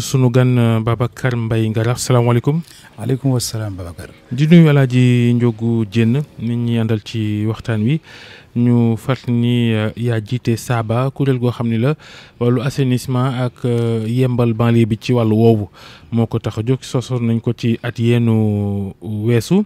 sunu gan euh, Babacar Mbaye Ngarax salaamaaleykum. waaleykum salaam Babacar. di nuyu El Hadj Ndiogou Diène nit ñi àndal ci waxtaan wi ñu fàttali ni euh, yaa jiite Saba kuréel goo xam ni la wallu assainissement ak euh, yembal banlieue bi ci wàllu woowu moo ko tax a jóg sosoon nañ ko ci at yeenu weesu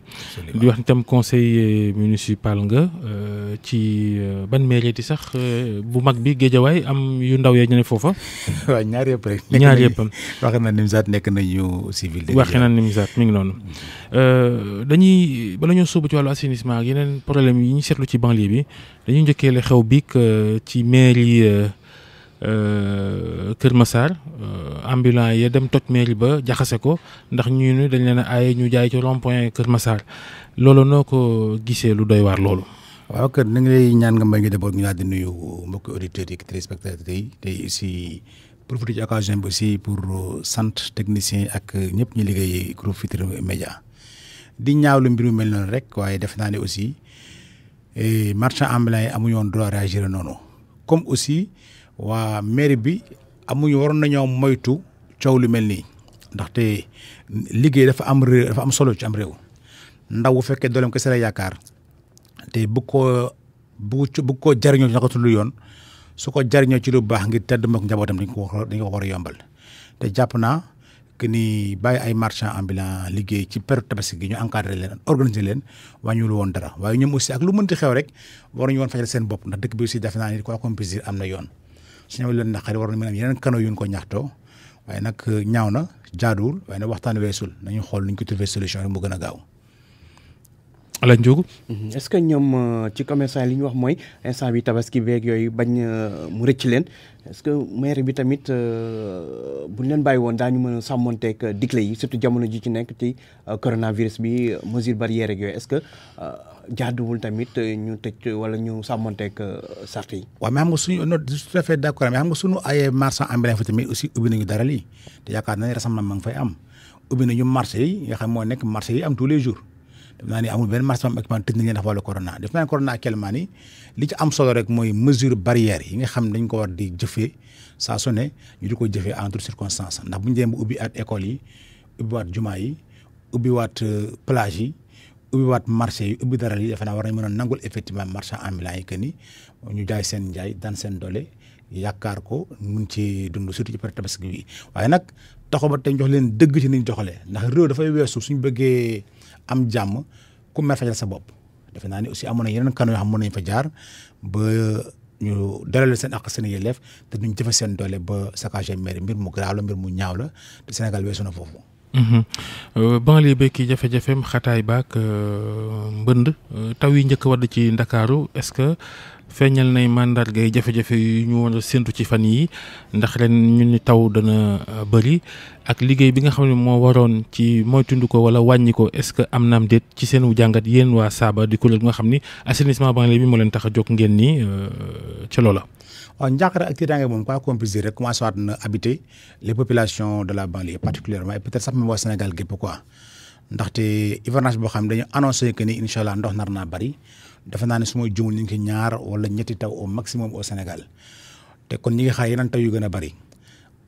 di wax itam conseil municipal nga euh, ci euh, ban mairie di sax euh, bu mag bi géejawaay am yu ndaw yee ñu ne foofa waaw ñaar yëpp rek ñaar yëpp waxe na Nimzaat nekk nañu civil waxe na Nimzaat mi ngi noonu mm-hmm. dañuy bala ñoo sóobu ci wàllu assainissement ak yeneen problème yi ñu seetlu ci banlieue bi dañuy njëkkee la xew biig ci mairie Euh, kër Massar euh, ambulant yee dem toj mairie ba jaxase ko ndax ñu ne dañ leen a aaye ñu jaay ci rond Kër Massar loolu noo ko gisee lu doy waar loolu. waaw kër ni nga lay ñaan nga may ngi d'abord ñu daal di nuyu mbokki auditeurs yi téléspectateurs yi tey aussi profité ci occasion bi aussi pour euh, sant technicien ak ñëpp ñu liggéey groupe Futurs Médias di ñaawlu mbir mu mel noonu rek waaye def naa ne aussi eh, marchand ambulant yi amuñu woon droit noonu comme aussi. waa mairie bi amuñu waroon nañoo moytu coow lu mel nii ndaxte liggéey dafa am réew dafa am solo ci am réew ndax bu fekkee dooleem kese la yaakaar te bu ko bu bu ko jariñoo ci naka yoon su ko jariñoo ci lu baax ngir tedd mook njabootam dañ ko dañ ko war a yombal te jàpp naa que ni bàyyi ay marchand ambulant liggéey ci période tabaski gi ñu encadré leen organiser leen wàññiwul woon dara waaye ñoom aussi ak lu mënti xew rek waruñu woon fajal seen bopp ndax dëkk bi aussi defe naa ni ko accomplir am na yoon. su ñu amee leen naqari war na mën am yeneen canaux yu ñu ko ñaxtoo waaye nag ñaaw na jaaduwul waaye nag waxtaan weesul nañu xool nu ñu ko trouver solution rek mu gën a gaaw Alain Ndiogu. Mhm. est-ce que ñoom euh, ci commerçant li ñu wax mooy instant bi tabaski beeg yooyu bañ euh, mu rëcc leen est-ce que maire bi tamit euh, bu ñu leen bàyyi woon daañu mën a sàmmonteeg digle yi surtout jamono ji ci nekk ci coronavirus bi mesure barrière ak yooyu est-ce que jaaduwul tamit ñu tëj wala ñu sàmmonteeg sart yi. waaw mais xam nga su non tout à fait d'accord mais xam nga suñu ay marchands ambulants fa tamit aussi ubbi nañu dara lii te yaakaar naa ne rassemblement ma nga fay am ubbi nañu marché yi nga xam moo nekk marché yi am tous les def naa ni amul benn marché am équipement tëj nañ leen ndax wàllu corona def naa ne corona actuellement am solo rek mooy mesure barrière yi nga xam dañ ko war di jëfee saa su ne ñu di ko jëfee en toutes ndax bu ñu demee ba ubbi at école yi ubbiwaat jumaa yi euh, yi ubbiwaat marché ubbi daral yi defe naa war mën a nangul effectivement marchand ambulant yi que ni ñu jaay seen njaay daan seen ko ci dund surtout ci période tabaski waaye nag taxaw ba tey jox leen dëgg ci niñ joxalee ndax réew dafay weesu suñ bëggee am jàmm ku mer fajal sa bopp defe naa ne aussi amoon na yeneen kanoo yoo xam mën nañ fa jaar ba ñu dalal seen àq seen yelleef te duñ jëfe seen doole ba saccagé maire mbir mu garaaw la mbir mu ñaaw la te Sénégal weesu na foofu. Mhm. Euh, banlieue bekki jafe-jafeem xataay baak euh, mbënd euh, taw yi njëkk wadd ci Ndakaaru est que. feeñal nañ mandarga yi jafe-jafe yu ñu woon a ci fan yi ndax ren ñu taw dana euh, bëri ak liggéey bi nga xam ne moo waroon ci mooy tund ko wala wàññi ko est-ce que am naam déet ci seenu jàngat yéen waa Saba di kuréel bi nga xam ni assainissement banlieue bi moo leen tax a jóg ngeen ni euh, ci loola. waaw njàqare ak tiitaange moom quoi compliqué rek commencé waat na habiter les populations de la banlieue particulièrement et peut-être sax même waa Sénégal gépp quoi ndaxte boo xam ne dañu annoncé que ni incha ndox nar naa bëri. dafa naa ne su ma jumul ñu ñaar wala ñetti taw au maximum au Sénégal te kon ñi ngi xaar yeneen taw yu gën a bari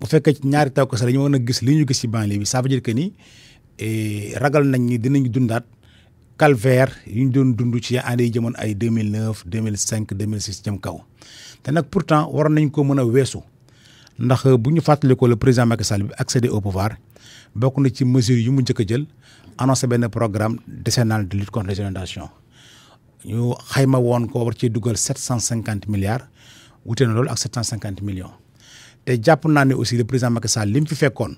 bu fekkee ci ñaari taw kese la ñu mën a gis li ñu gis si banlieue bi ça veut dire que ni e, ragal nañ ni dinañ dundaat calvaire yu ñu doon dund ci année yi jëmoon ay 2009 2005 2006 jëm kaw te nag pourtant waroon nañ koo mën a weesu ndax bu ñu fàttalikoo le président Macky Sall bi accédé au pouvoir bokk na ci mesures yu mu njëkk a jël annoncé benn programme décennal de lutte contre les inondations ñu xayma woon ko war cee dugal sept cent cinquante milliards wute na loolu ak sept cent cinquante millions te jàpp naa ne aussi le président Macky Sall li mu fi fekkoon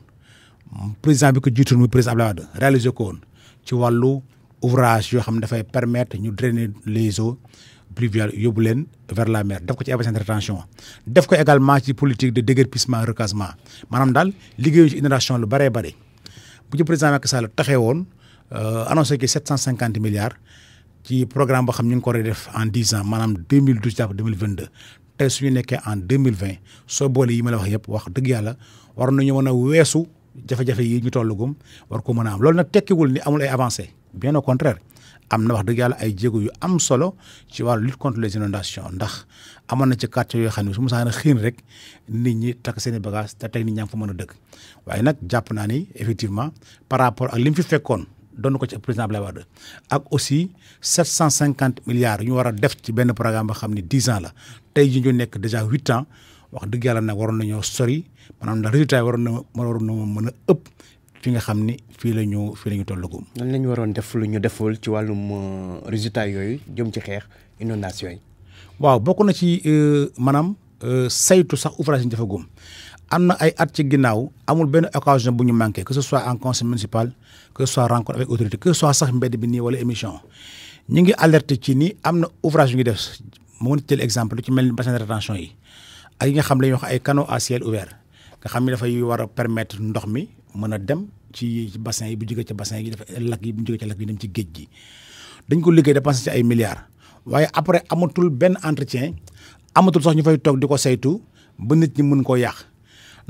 président bi ko jiitu muy président Abdoulaye Wade réalisé ko woon ci wàllu ouvrage yoo xam ne dafay permettre ñu drainer les eaux pluviales yóbbu leen vers la mer def ko ci bassin de rétention def ko également ci politique de déguerpissement recasement maanaam daal liggéeyu ci inondation lu bëree bëri bu ci président Macky Sall taxee woon euh, annoncé ki sept cent cinquante milliards. ci programme boo xam ñu ngi ko war en dix ans maanaam deux mille douze jàpp deux mille vingt deux tey su ñu nekkee en deux mille vingt soo boole yi ma la wax yëpp wax dëgg yàlla war nañu mën a weesu jafe-jafe yi ñu tollugum war ko mën a am loolu nag tekkiwul ni amul ay avancé bien au contraire am na wax dëgg ay jéego yu am solo ci wàllu lutte contre les inondations ndax amoon na ci quartier yoo xam ne su mosaan a xiin rek nit ñi takk seen i te tey nit ñaa ngi mën a dëkk waaye nag jàpp naa ni effectivement par rapport ak li mu fi fekkoon. doon ko ci président Abdoulaye Wade ak aussi 750 milliards yu ñu war a def ci benn programme boo xam ne 10 ans la tey ji ñu nekk déjà 8 ans wax dëgg yàlla nag waroon nañoo sori maanaam ndax résultat yi waroon na waroon a ëpp fi nga xam ni fii la ñu fii la ñu tollagum. lan la ñu waroon def lu ñu deful ci wàllum euh, résultat yooyu jëm ci xeex inondation yi. waaw bokk ci euh, maanaam. Euh, saytu sax ouvrage yi ñu dafa am na ay at ci ginnaaw amul benn occasion bu ñu manqué que ce soit en conseil municipal que ce soit rencontre avec autorité que ce soit sax mbedd bi nii wala émission ñu ngi alerté ci ni am na ouvrage yu ngi def mu ngi exemple lu mel ni bassin de rétention yi a yi nga xam la ñuy ay kano à ciel ouvert nga xam ni dafay war a permettre ndox mi mën a dem ci bassin yi bu jógee ci bassin yi dafa lakk yi bu jógee ci lakk yi dem ci géej gi dañ ko liggéey dépensé ci ay milliards waaye après amatul benn entretien amatul sax ñu fay toog di ko saytu ba nit ñi mun koo yàq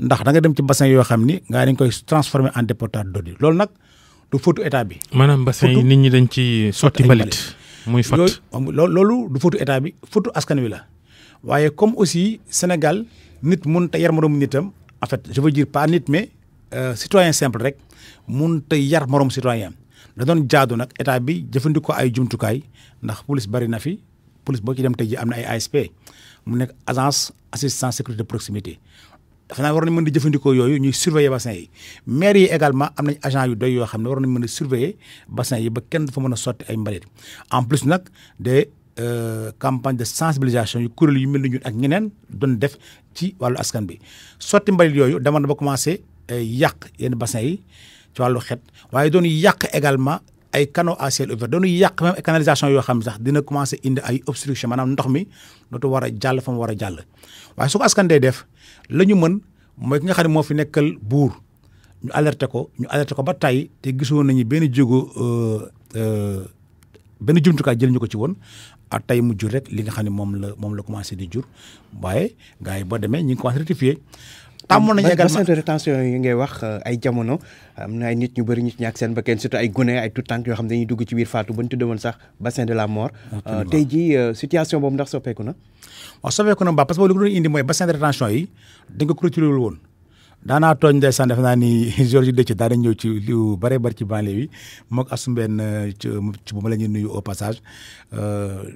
ndax da nga dem ci bassin yoo xam ni nga dañ koy transformé en dépotoir d'ordures loolu nag du fóotu état bi. maanaam bassin yi nit ñi dañ ci sotti mbalit muy fat loolu du fóotu état bi fóotu askan wi la waaye comme aussi Sénégal nit mun te yar moromu nitam en fait je veux dire pas nit mais euh, citoyen simple rek mun te yar morom citoyen da doon jaadu nag état bi jëfandikoo ay jumtukaay ndax police bari na fi police boo ci dem tey ji am na ay ASP. mu nekk agence assistance sécurité de proximité xanaa war nañ mën di jëfandikoo yooyu ñuy surveiller bassin yi maire yi également am nañ agent yu doy yo xam ne war nañ mën a surveiller bassin yi ba kenn fo mën a sotti ay mbalit en plus nag de euh, campagne de sensibilisation yu kuréel yu mel ni ñun ak ñeneen doon def ci wàllu askan bi sotti mbalit yooyu demoon na ba commencé euh, yàq yenn bassin yi ci wàllu xet waaye doon yàq également ay canaux à ciel ouvert dañuy yàq même canalisation yoo xam ne sax dina commencé indi ay obstruction maanaam ndox mi dootu war a jàll fa mu war a jàll waaye su ko askan day def la ñu mën mooy ki nga xam ne moo fi nekkal buur ñu alerter ko ñu alerter ko ba tey te gisoon nañu benn jugo euh, euh, benn jumtukaay jël ñu ko ci woon a tey mu jur rek li nga xam ne moom la moom la commencé di jur waaye gars yi boo demee ñu ngi commencé rectifier tàmmoon nañu également bassin de rétention yi ngay wax euh, ay jamono am na ay nit ñu bari ñu ci ñàkk seen bakkan surtout ay gone ay tout tànk yoo xam ne dugg ci biir faatu ba ñu tudde woon sax bassin de la mort euh, tey ji euh, situation boobu ndax soppeeku na waaw na ba parce que li ko doon indi mooy bassin de rétention yi dañ ko clôturé naa ni Georges Dëcc daa dañ ñëw ci lu bare bari ci banlieue bi moog asumbenn ci bu ma la ñuy nuyu au passage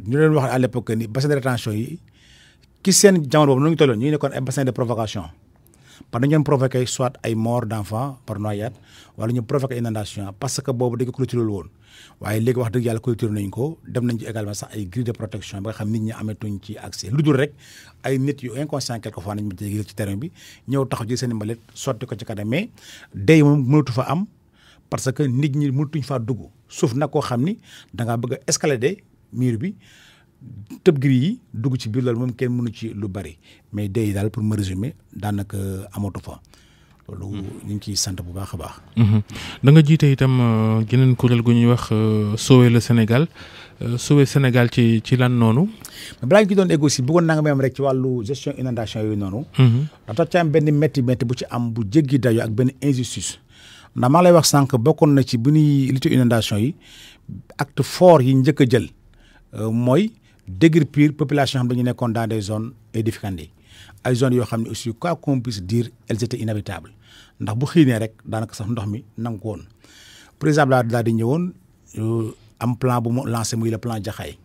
ñu leen wax à l'époque ni bassin de rétention yi ki seen jamono boobu nu ñu tolloon ñu ngi nekkoon ay provocation par dañu doon provoqué soit ay mort d' enfant par noyade wala ñu provoqué inondation parce que boobu dañ ko clôturé woon waaye léegi wax dëgg yàlla clôturé nañ ko dem nañ ci également sax ay grille de protection ba nga xam nit ñi amatuñ ci accès lu dul rek ay nit yu inconscient quelque fois nañ ma ci terrain bi ñëw taxaw ji seen mbalit sotti ko ci kanam mais day moom mënatu fa am parce que nit ñi mënatuñ faa dugg suuf nag koo xam ni da ngaa bëgg a escalader mur bi tëb gri yi dugg ci biir loolu moom kenn mënu ci lu bari mais day daal pour ma résumer daanaka amatu fa. loolu ñu ngi ciy sant bu baax a baax. Mhm. da nga jiite itam euh, geneen kuréel gu ñuy wax euh, Sauver le Sénégal euh, Sauver Sénégal ci ci lan noonu. balaa ñu ci doon égo si bëggoon naa rek ci wàllu gestion inondation yooyu noonu. Mhm. dafa ci am benn métti métti bu ci am bu jéggi dayo ak benn injustice. ndax maa lay wax sànq bokkoon na ci bu ñuy lutte inondation yi acte fort yi njëkk a jël mooy. déguerpir population xam dañu nekkoon dans des zones édificantes ay zones yoo xam ne aussi quoi qu'on puisse dire elles étaient inhabitables ndax bu xiinee rek daanaka sax ndox mi nangu ko woon président laa daal di ñëwoon euh, am plan bu mu lancé muy le plan Jaxaay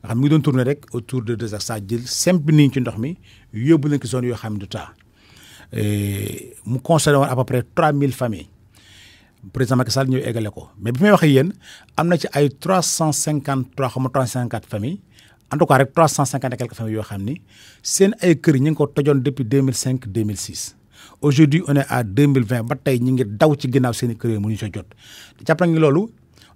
nga xam mi ngi doon tourner rek autour de deux heures saa jël simp nii ci ndox mi yóbbu leen ci zone yoo xam ne du taa mu concerné woon à peu près 3000 familles président Macky Sall ñëw eggale ko mais bi may wax ak am na ci ay 353 xam nga 354 familles. en a cas rek trois cent cinquante et quelques familles yoo xam ni seen ay kër ñu ngi ko tojoon depuis deux mille cinq deux mille six aujourd'hui on est à deux mille vingt ba tey ñu ngi daw ci ginnaaw seen i kër yooyu mënuñu sa jot jàpp loolu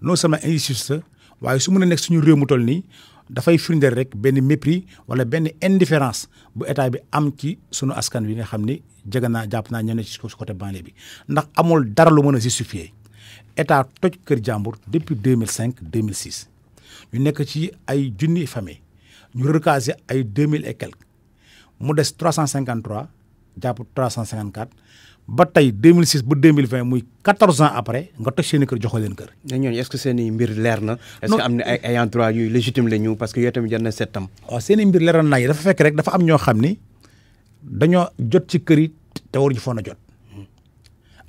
non sama injustice sa waaye su mën a nekk suñu réew mu toll nii dafay firndeel rek benn mépris wala benn indifférence bu état bi am ci sunu askan wi nga xam ni jege naa jàpp naa ñenn ci côté banlieue bi ndax amul dara lu mën a justifier état toj kër jàmbur depuis deux mille cinq deux mille six ñu nekk ci ay junni famille ñu recasé ay deux mille et quelques mu des trois cent cinquante trois jàpp trois cent cinquante ba tey 2006 ba 2020 muy 14 ans après nga toj seen i joxo leen kër. ñooñu est-ce que na. est-ce que am na ay ay endroit yu légitime la parce que yooyu tamit jar na seet tam. waaw seen i mbir na dafa fekk rek dafa am ñoo xam ni dañoo jot ci kër yi te foon a jot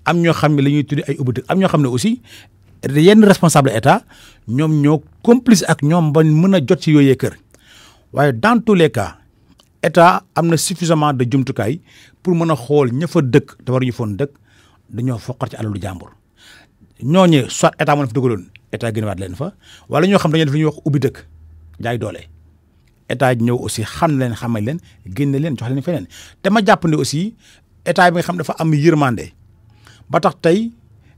am ñoo xam ne la ñuy tuddee ay ubbi am ñoo xam ne aussi yenn responsable état ñoom ñoo complice ak ñoom ba mën a jot ci yooyee kër. waaye dans tous les cas état am na suffisamment de jumtukaay pour mën a xool ña dëkk te war ñu foon dëkk dañoo foqar ci alalu jàmbur ñooñu soit état moo leen fa dugaloon état génnewaat leen fa wala ñoo xam dañoo def li ñuy wax ubbi dëkk jaay doole état ñëw aussi xam leen xamal leen génne leen jox leen feneen te ma jàpp ne aussi état bi xam ne dafa am yërmande ba tax tey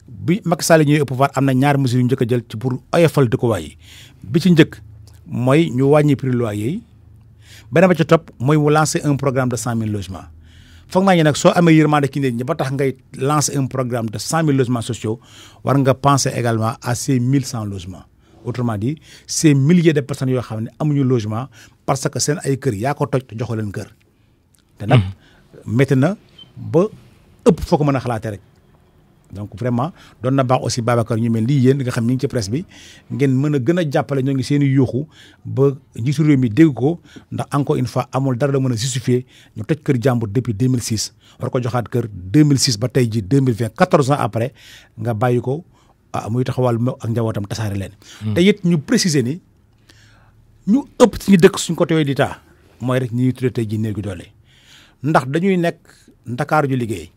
bi Macky Sall ñëwee au pouvoir am na ñaar mesures yu njëkk a jël ci pour oyofal dëkkuwaay yi bi ci njëkk. mooy ñu wàññi prix loyer yi beneen ba ca topp mooy mu lancer un programme de cent mille logements foog naa ñu nag soo amee yërmande ki nit ñi ba tax ngay lancer un programme de cent mille logements sociaux war nga penser également à ces mille cent logements autrement dit ces millier de personnes yoo xam ne ñu logement parce que seen ay kër yaa ko toj joxo leen kër. te nag mhm. na ba ëpp foo ko mën a xalaatee rek. donc vraiment doon na baax aussi Babacar ñu mel ni yéen nga xam ñu ngi ci presse bi ngeen mën a gën a jàppale ñoo ngi seeni i yuuxu ba njiitu réew mi dégg ko ndax encore une fois amul dara la mën a justifier ñu toj kër jàmbur depuis 2006 war ko joxaat kër 2006 ba tey ji 2020 14 ans après nga bàyyi ko ah muy taxawal ak njabootam tasaare leen. Hmm. te it ñu préciser ni ñu ëpp ci ñu dëkk suñ côté yooyu di taa mooy rek ñiy tuddee tey jii néegi doole ndax dañuy nekk Ndakaaru ju liggéey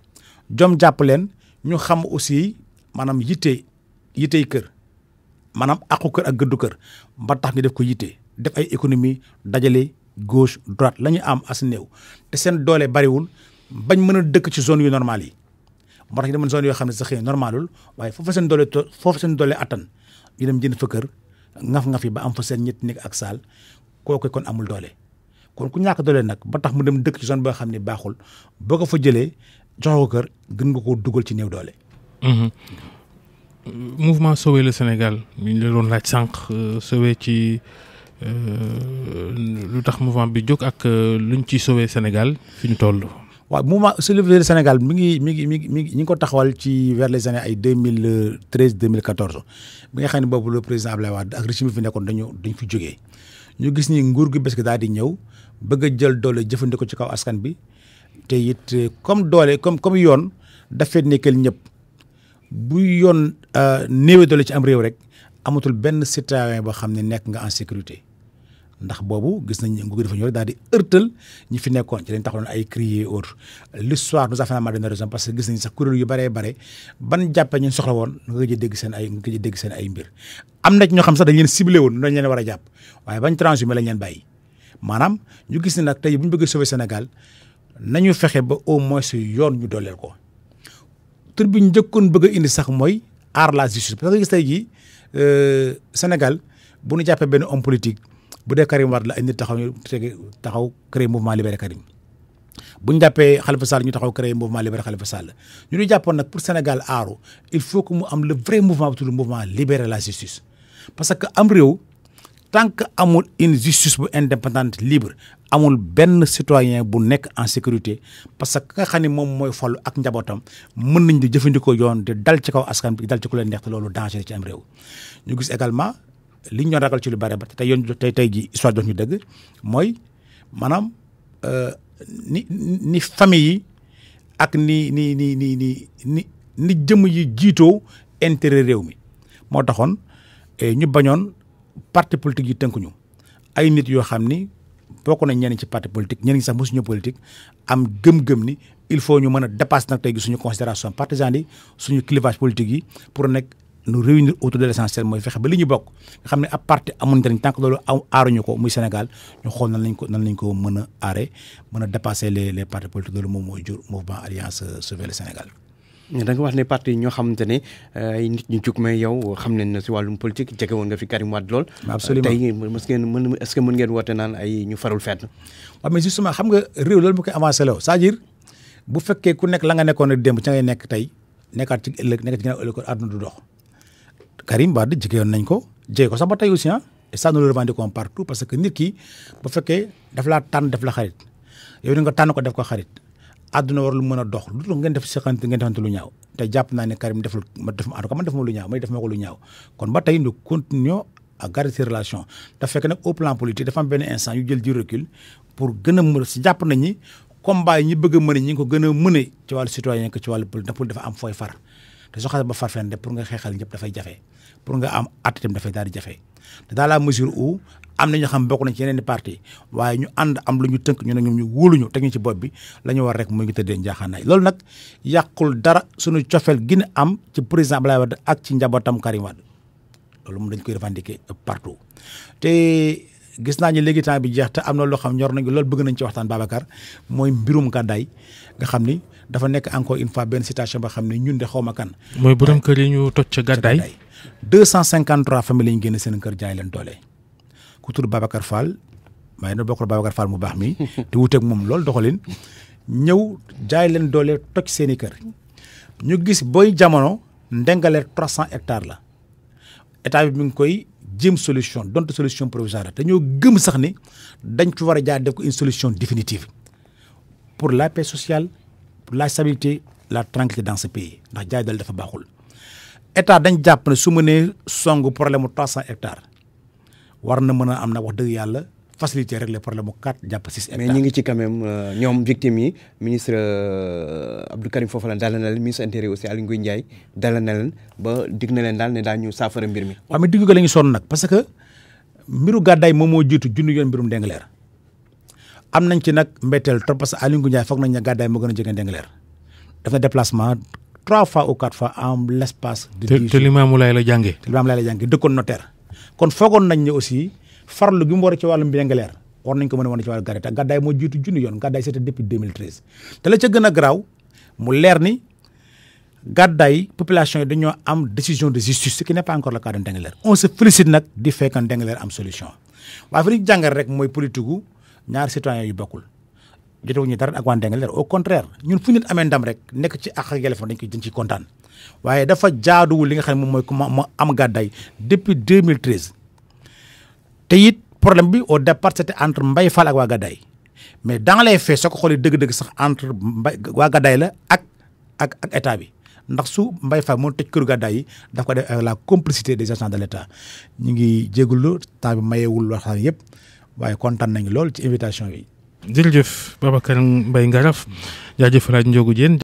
jom jàpp leen. ñu xam aussi maanaam yitte yittey kër maanaam àqu kër ak gëddu kër ba tax ñu def ko yitte def ay économie dajale gauche droite la ñu am as néew te seen doole bariwul bañ mën a dëkk ci zone yu normal yi moo tax ñu demoon yoo xam ne sax xëy normalul waaye foofu seen doole foofu seen doole attan ñu dem jënd fa kër ngaf-ngaf yi ba am fa seen ñetti néeg ak saal kooku kon amul doole kon ku ñàkk doole nag ba tax mu dem dëkk ci zone boo xam ne baaxul boo ko fa jëlee jox ko kër gën nga koo dugal ci néew doole. Mhm. mouvement Sauver le Sénégal ñu la doon laaj sànq euh, sauver ci euh, lu tax mouvement bi jóg ak euh, luñ ci sauver Sénégal fi ñu toll. waaw mouvement Sauver le Sénégal mi ngi mi ngi mi ngi mi ngi ko taxawal ci vers les années ay mille treize deux mille quatorze bi nga xam ne boobu le président Abdoulaye Wade fi nekkoon dañu dañ fi jógee ñu gis ni nguur gi bés daal di ñëw bëgg a jël doole jëfandikoo ci kaw askan bi. te it euh, comme doole comme comme yoon dafay kel ñëpp bu yoon euh, néewee doole ci am réew rek amatul benn citoyen boo xam ne nekk nga en sécurité ndax boobu gis nañ nguur dafa ñëw daal di ërtal ñi fi nekkoon ci lañ taxoon ay crier autre l'histoire nous a finalement donné parce que gis nañ sax kuréel yu baree bare ban jàppee ñu soxla woon nga gëj a dégg seen ay dégg seen ay mbir am na ci ñoo xam sax dañ leen ciblé woon dañ leen war a jàpp waaye bañ transhumé lañ leen bàyyi maanaam ñu gis na tey bu ñu bëggee sauver Sénégal nañu fexe ba au moins yoon ñu dooleel ko tur bi njëkkoon bëgg a indi sax mooy aar la justice parce que gis tey euh, Sénégal bu ñu jàppee benn homme politique bu dee Karim Wade la ay taxaw ñu taxaw créer mouvement libéré Karim bu ñu jàppee Khalifa Sall ñu taxaw créer mouvement libéré Khalifa Sall ñu ñu jàppoon nag pour Sénégal aaru il faut que mu am le vrai mouvement bu tudd mouvement libéré la justice parce que am réew tant que amul une justice bu indépendante libre amul benn citoyen bu nekk en sécurité parce que nga xam ne moom mooy falu ak njabootam mën nañ di jëfandikoo yoon di dal ci kaw askan bi dal ci ku leen neex te loolu danger ci am réew ñu gis également li ñu ragal ci lu bare ba tey yoon tey tey ji histoire jox ñu dëgg mooy maanaam euh, ni ni famille yi ak ni ni ni ni ni ni ni jëm yi jiitoo intérêt réew mi moo taxoon euh, ñu bañoon parti politique yi tënkuñu ay nit yoo xam ni bokk nañ ñeneen ci parti politique ñeneen ñi sax mosuñu politique am gëm-gëm ni il faut ñu mën a dépasser nag tey gi suñu considération partisane yi suñu clivage politique yi pour nekk nu réunir autour de l'essentiel mooy fexe ba li ñu bokk nga xam ne ab parti amul njëriñ tant que loolu aw aaruñu ko muy Sénégal ñu nan lañ ko nan lañ ko mën a aare mën a dépasser les les partis politiques loolu moom mooy jur mouvement alliance sauver le Sénégal da nga wax ne parti ñoo xamante ne euh, ay nit ñu jug mais yow xam nañ ne si wàllum politique jege woon nga fi Karim Wade lool. absolument tey mës ngeen mën est-ce que mën ngeen woote naan ay ñu farul fenn. waaw mais justement xam nga réew loolu mu koy avancé la c'est-à-dire bu fekkee ku nekk la nga nekkoon démb ca ngay nekk tey nekkaat ci ëllëg nekk ci ginnaaw ëllëg àdduna du dox. Karim Wade jege woon nañ ko jege ko sax ba tey aussi ah et ça nous le revendiquons partout parce que nit ki bu fekkee daf laa tànn def la xarit yow ni nga tànn ko def ko xarit àdduna war lu a dox lu tax ngeen def seqante ngeen defante lu ñaaw te jàpp naa ne Karim def ma en tout cas man def ma lu ñaaw may def ma ko lu ñaaw kon ba tey ñu continuer à garder ces relations te fekk au plan politique dafa am benn instant yu jël du recul pour gën a mën si jàpp nañu combat yi ñi bëgg a mëne ñi ngi ko gën a mëne ci wàllu citoyen que ci wàllu politique ndax dafa am fooy far te soo xasee ba far fenn de pour nga xeexal ñëpp dafay jafe pour nga am at itam dafay daal di jafe dans la mesure u am na ñoo xam bokk nañ ci yeneen i parti waaye ñu ànd am lu ñu tënk ñu ne ñoom ñu wóoluñu teg ñu ci bopp bi lañu war rek mu ngi tëddee njaaxaanaay loolu nag yàqul dara suñu cofeel gi ñu am ci président Abdoulaye Wade ak ci njabootam Karim Wade dañ koy revendiquer partout te gis naa ñu léegi temps bi jeex te am na loo xam ñor nañu loolu bëgg nañ ci waxtaan Babacar mooy mbirum gàddaay nga xam ni dafa nekk encore une fois benn situation boo xam ne ñun de xaw ma kan. mooy borom kër yi ñu toj ca gàddaay 253 famille la ñu génne seen kër jaay leen doole ku tudd Babacar Fall maa ngi bokkal Babacar Fall mu baax mi te wuteeg moom loolu doxalin ñëw jaay leen doole toj seen i kër ñu gis booy jamono ndengaleer 300 hectares la état bi mi ngi koy jéem solution donte solution provisoire la te ñoo gëm sax ni dañ ci war a jaar ko une solution définitive pour la paix sociale pour la stabilité la tranquillité dans ce pays ndax jaay doole dafa baaxul. état dañ jàpp ne su ma nee song problème mu trois cent hectares war na mën a am na wax dëgg yàlla faciliter régler problème mu quatre jàpp six hectares. mais ñu ngi ci quand même euh, ñoom victimes yi ministre euh, Abdou Karim Fofana dal na leen ministre intérieur aussi Aly Ngouille Ndiaye dal na leen ba dig na leen daal ne daal ñu saafara mbir mi. waaw mais digg ko la ñu sonn nag parce que mbiru gàddaay moom moo jiitu junni yoon mbirum Ndingler am nañ ci nag mbetteel trop parce que Aly Ngouille Ndiaye foog nañ ne gàddaay moo gën a jege Ndingler def trois fois ou quatre fois en l'espace de dix jours te Limaamu Laay la jàngee. te Limaamu Laay la jàngee dëkkoon kon foogoon nañ ne aussi farlu gi mu war a ci wàllum Bengaleer war nañ ko mën a wane ci wàllu gàddaay gàddaay moo jiitu junni yoon gàddaay c'était depuis 2013 te la ca gën a garaaw mu leer ni gàddaay population yi ñoo am décision de justice ce qui n'est pas encore le cas de Ndingler on nag di fekk Ndingler am solution waaye fi ñu rek mooy politique gu ñaari citoyens yu bokkul jotewuñu ñu dara ak waa Ndingler au contraire ñun fu nit amee rek nekk ci àq ak yelleefam dañ koy dañ ciy kontaan waaye dafa jaaduwul li nga xam ne moom mooy comment mu am gàddaay depuis deux 2013 te it problème bi au départ c'était entre Mbaye Fall ak waa gàddaay mais dans les faits soo ko xoolee dëgg-dëgg sax entre Mbaye waa gàddaay la ak ak ak bi ndax su Mbaye Fall moo tëj këru gàddaay yi daf ko def la complicité des agents de l'État ñu ngi jégalu temps bi mayewul waxtaan yëpp waaye kontaan nañu lool ci invitation bi. jërëjëf Babacar Mbaye Ngaraf jaajëf El Hadj Ndiogou